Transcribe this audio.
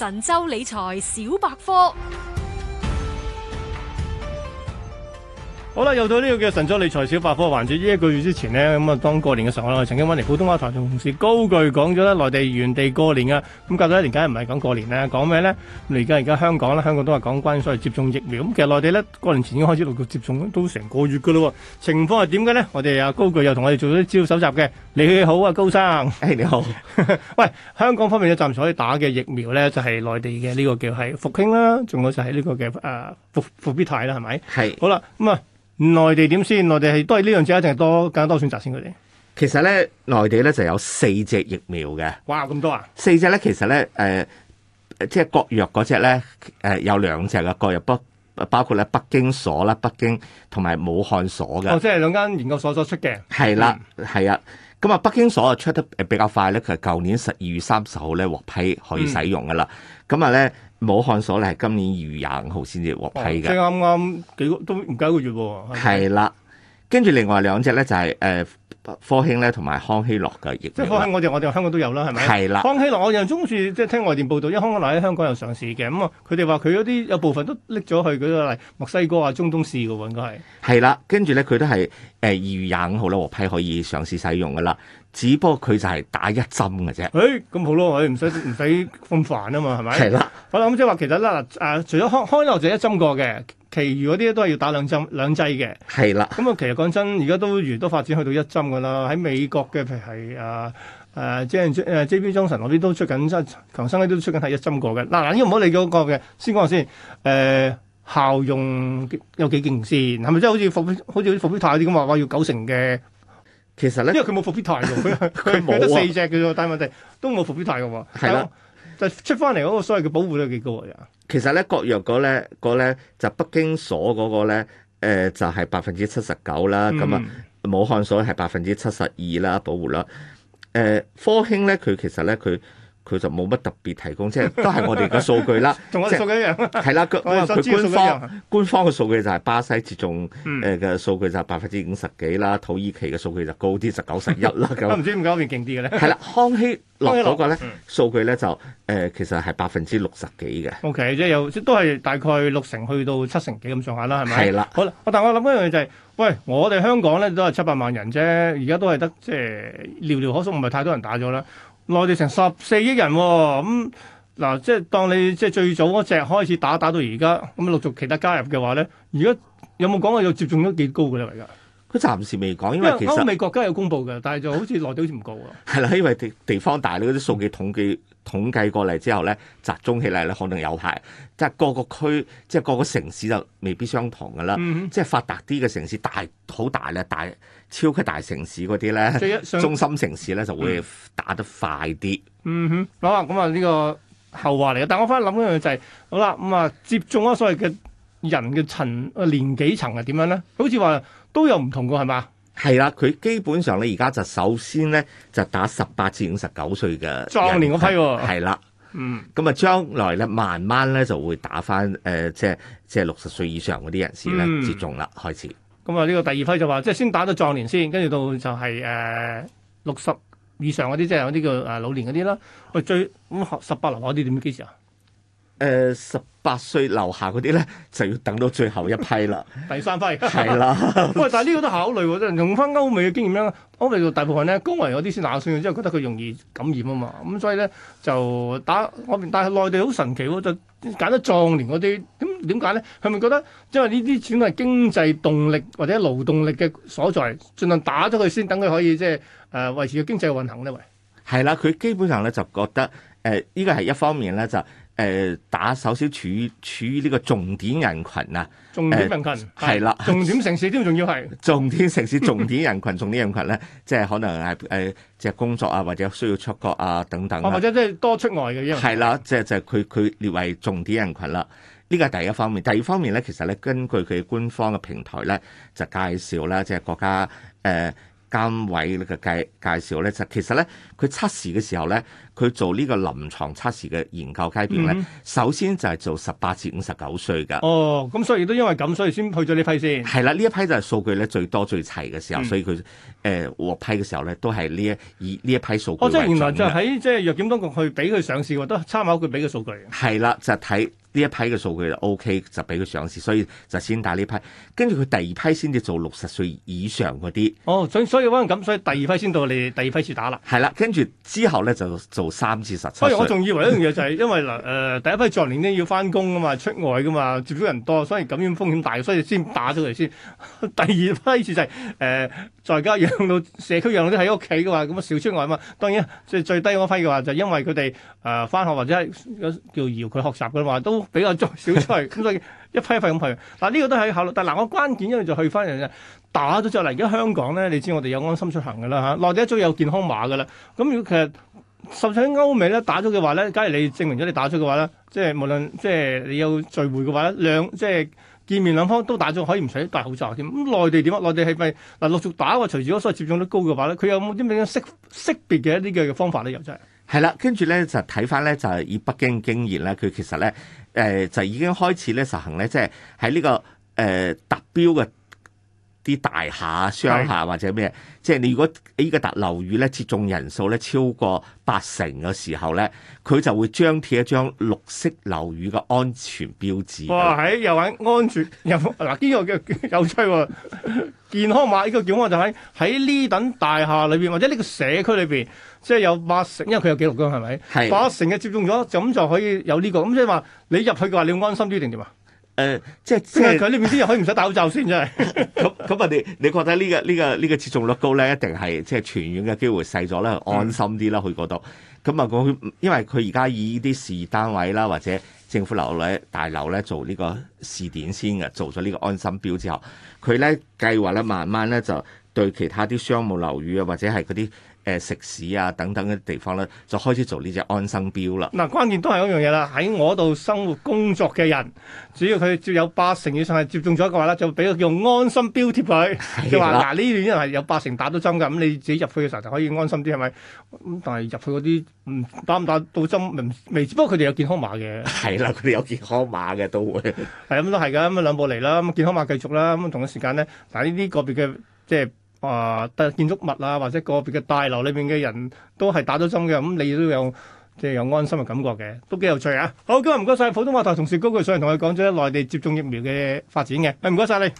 神州理財小百科。好啦，又到呢個叫神州理財小百科環節，一個月之前咧，咁啊當過年嘅時候咧，我曾經揾嚟普通話台嘅同事高炬講咗咧，內地原地過年啊，咁隔咗一年，梗係唔係講過年啦，講咩咧？你而家而家香港啦，香港都係講關於所謂接種疫苗，咁其實內地咧，過年前已經開始陸續接種，都成個月噶啦，情況係點嘅咧？我哋阿高炬又同我哋做咗啲招手集嘅，你好啊，高生，誒，你好，喂，香港方面嘅暫時可以打嘅疫苗咧，就係內地嘅呢個叫係復星啦，仲有就係呢個嘅誒復復必泰啦，係咪？係，好啦，咁啊。內地點先？內地係都係呢兩隻，一定係多更加多選擇先佢哋，啊。其實咧，內地咧就有四隻疫苗嘅。哇！咁多啊！四隻咧，其實咧，誒，即係國藥嗰隻咧，誒、呃、有兩隻嘅國藥北，包括咧北京所啦，北京同埋武漢所嘅。哦，即係兩間研究所，所出嘅。係啦，嗯，係啊。咁啊，北京所啊，出得誒比較快咧，佢係舊年十二月三十號咧獲批可以使用嘅啦。咁啊咧。武漢所咧係今年二月廿五號先至獲批嘅，即係啱啱幾都唔夠一個月喎。係啦，跟住另外兩隻咧就係誒科興咧同埋康希諾嘅疫苗。即係科興，我哋我哋香港都有啦，係咪？係啦。康希諾我又中意，即係聽外電報道，因為康希諾喺香港又上市嘅。咁啊，佢哋話佢嗰啲有部分都拎咗去嗰個墨西哥啊、中東試嘅喎，應該係。係啦，跟住咧佢都係誒二月廿五號咧獲批可以上市使用噶啦，只不過佢就係打一針嘅啫。誒、哎，咁好咯，我唔使唔使咁煩啊嘛，係咪？係啦。好喇，咁即係話其實啦，誒、啊，除咗開開頭就一針過嘅，其餘嗰啲都係要打兩針兩劑嘅。係是啦。咁啊，其實講真，而家都如都發展去到一針噶啦。喺美國嘅譬如係誒誒 J 誒、啊、J.P. Johnson 嗰啲都出緊生強生都出緊係一針過嘅。嗱、啊，嗱，呢個唔好理嗰個嘅，先講先。誒、啊，效用有幾勁先？係咪即係好似伏，好似啲復必泰啲咁話話要九成嘅？其實咧，因為佢冇復必泰嘅，佢得 有、啊、 四隻嘅啫。但係問題都冇復必泰嘅喎。係出翻嚟嗰個所謂嘅保護率幾高啊？其實咧，國藥嗰咧，嗰個咧就北京所嗰個咧，誒、呃、就係百分之七十九啦。咁啊、嗯，武漢所係百分之七十二啦，保護率。誒、呃、科興咧，佢其實咧佢。佢就冇乜特別提供，即係都係我哋嘅數據啦。 同我哋數據一樣。係啦，佢佢 官方 官方嘅數據就係巴西接種誒嘅數據就係百分之五十幾啦，嗯、土耳其嘅數據就高啲，就九十一啦咁。我唔知點解嗰邊勁啲嘅咧。係啦，康希諾嗰個咧數據咧、嗯、就誒、呃，其實係百分之六十幾嘅。O、okay, K，即係又都係大概六成去到七成幾咁上下啦，係咪？係啦的。好啦，我但我諗一樣嘢就係、是，喂，我哋香港咧都係七百,百萬人啫，而家都係得即係寥寥可數，唔係太多人打咗啦。內地成十四億人喎、哦，咁、嗯、嗱、啊，即係當你即係最早嗰隻開始打，打到而家，咁、嗯、陸續其他加入嘅話咧，而家有冇講過要接種咗幾高㗎咧？而家佢暫時未講，因為其實為歐美國家有公布嘅，但係就好似內地好似唔夠啊。係啦， 因為地地方大，你嗰啲數據統計。統計過嚟之後咧，集中起嚟咧可能有排，即係各個區，即係各個城市就未必相同噶啦。嗯、哼即係發達啲嘅城市大好大咧，大，大，大，大超級大城市嗰啲咧，中心城市咧就會打得快啲。嗯哼，好啊，咁啊呢個後話嚟嘅。但係我翻去諗一樣就係、是，好啦，咁啊接種咗所謂嘅人嘅層年紀層係點樣咧？好似話都有唔同嘅係嘛？係啦，佢基本上咧而家就首先咧就打十八至五十九歲嘅壯年嗰批喎、哦，係啦的，嗯，咁啊將來咧慢慢咧就會打返誒、呃，即係即係六十歲以上嗰啲人士咧、嗯、接種啦，開始。咁啊呢個第二批就話即係先打到壯年先，跟住到就係誒六十以上嗰啲，即係有啲叫誒老年嗰啲啦。喂，最咁十八、廿歲啲點幾時啊？誒十八歲樓下嗰啲咧，就要等到最後一批啦。 第三批係啦。喂 的， 但係呢個都考慮喎，用翻歐美嘅經驗啦，歐美做大部分呢，高危嗰啲先打算咗之後，覺得佢容易感染啊嘛。咁所以咧就打外邊，但係內地好神奇喎，就揀咗壯年嗰啲。咁點解咧？係咪覺得因為呢啲錢係經濟動力或者勞動力嘅所在，儘量打咗佢先，等佢可以即係誒維持經濟運行呢？喂，係啦，佢基本上咧就覺得誒，呢個係一方面咧就是面呢。就是誒、呃，打首先處於處於呢個重點人群啊，重點人群係啦，呃、的重點城市都仲要係，重點城市重點人群，重點人群咧，即係可能係誒、呃，即係工作啊，或者需要出國啊等等啊，或者即係多出外嘅，係啦，即係即係佢佢列為重點人群啦。呢個係第一方面，第二方面咧，其實咧根據佢官方嘅平台咧，就介紹啦，即係國家誒。呃監委嘅介介紹咧，就其實咧，佢測試嘅時候咧，佢做呢個臨床測試嘅研究階段咧，嗯、首先就係做十八至五十九歲嘅。哦，咁所以亦都因為咁，所以先去咗呢批先。係啦，呢一批就係數據咧最多最齊嘅時候，嗯、所以佢誒獲批嘅時候咧，都係呢一以呢一批數據。哦，即係原來就喺即係藥檢當局去俾佢上市，都參考佢俾嘅數據。係啦，就係睇。呢一批嘅數據 OK，就 O K，就俾佢上市，所以就先打呢批，跟住佢第二批先至做六十歲以上嗰啲。哦，所以可能揾咁，所以第二批先到你第二批次打啦。係啦，跟住之後咧就，就做三至十七。所以我仲以為一樣嘢就係、是、因為嗱誒、呃、第一批壯年咧要返工啊嘛，出外啊嘛，接觸人多，所以感染風險大，所以先打咗佢先。第二批次就係、是、誒、呃、在家養老社區養老啲喺屋企嘅話，咁啊少出外啊嘛。當然即最低嗰批嘅話，就因為佢哋誒返學或者係叫搖佢學，學習嘅嘛。都。比較再少出，咁所以一批一批咁去。嗱呢個都係要考慮，但嗱我、哦、關鍵一樣就，就去翻人啫。打咗之後嗱，而家香港咧，你知我哋有安心出行噶啦吓，內地一早有健康碼噶啦。咁如果其實歐美，甚至歐美咧打咗嘅話咧，假如你證明咗你打咗嘅話咧，即係無論即係你有聚會嘅話咧，兩即係見面兩方都打咗，可以唔使戴口罩添。咁內地點、呃、啊？內地係咪嗱陸續打喎？隨住所謂接種率高嘅話咧，佢有冇啲咩識識別嘅一啲嘅方法咧？又真係係啦，跟住咧就睇翻咧就係、是、以北京經驗咧，佢其實咧。誒、呃、就已經開始咧實行咧，即係喺呢個誒達、呃、標嘅。啲大廈、商廈或者咩，是即係你如果呢依個樓宇咧接種人數咧超過八成嘅時候咧，佢就會張貼一張綠色樓宇嘅安全標誌。哇！喺、哎、又喺安全入，嗱呢個叫又吹 健康碼，呢個健康就喺喺呢等大廈裏邊或者呢個社區裏邊，即、就、係、是、有八成，因為佢有記錄㗎嘛，係咪？是八成嘅接種咗就咁就可以有呢、這個，咁即係話你入去嘅話，你要安心啲定點啊？誒，呃、即係即係佢呢邊先又可以唔使戴口罩先，真係 咁咁啊，你你覺得呢、這個呢、這個呢、這個接種率高咧，一定係即係傳染嘅機會細咗咧，安心啲啦、嗯、去嗰度。咁啊，佢因為佢而家以啲事業單位啦，或者政府樓咧大樓咧做呢個試點先嘅，做咗呢個安心標之後，佢咧計劃咧慢慢咧就。對其他啲商務樓宇啊，或者係嗰啲誒食肆啊等等嘅地方咧，就開始做呢隻安心標啦。嗱、啊，關鍵都係一樣嘢啦，喺我度生活工作嘅人，只要佢接有八成以上係接種咗嘅話咧，就俾佢叫安心標貼佢。就話嗱，呢段因為有八成打到針㗎，咁你自己入去嘅時候就可以安心啲，係咪？咁但係入去嗰啲唔打唔打到針，未？不過佢哋有健康碼嘅。係啦，佢哋有健康碼嘅都會。係咁都係㗎，咁兩步嚟啦，咁健康碼繼續啦。咁同一時間咧，但係呢啲個別嘅即係。啊！特建築物啊，或者個別嘅大樓裏邊嘅人都係打咗針嘅，咁、嗯、你都有即係有安心嘅感覺嘅，都幾有趣啊！好，今日唔該晒普通話台同事高炬上嚟同佢講咗內地接種疫苗嘅發展嘅，唔該晒你。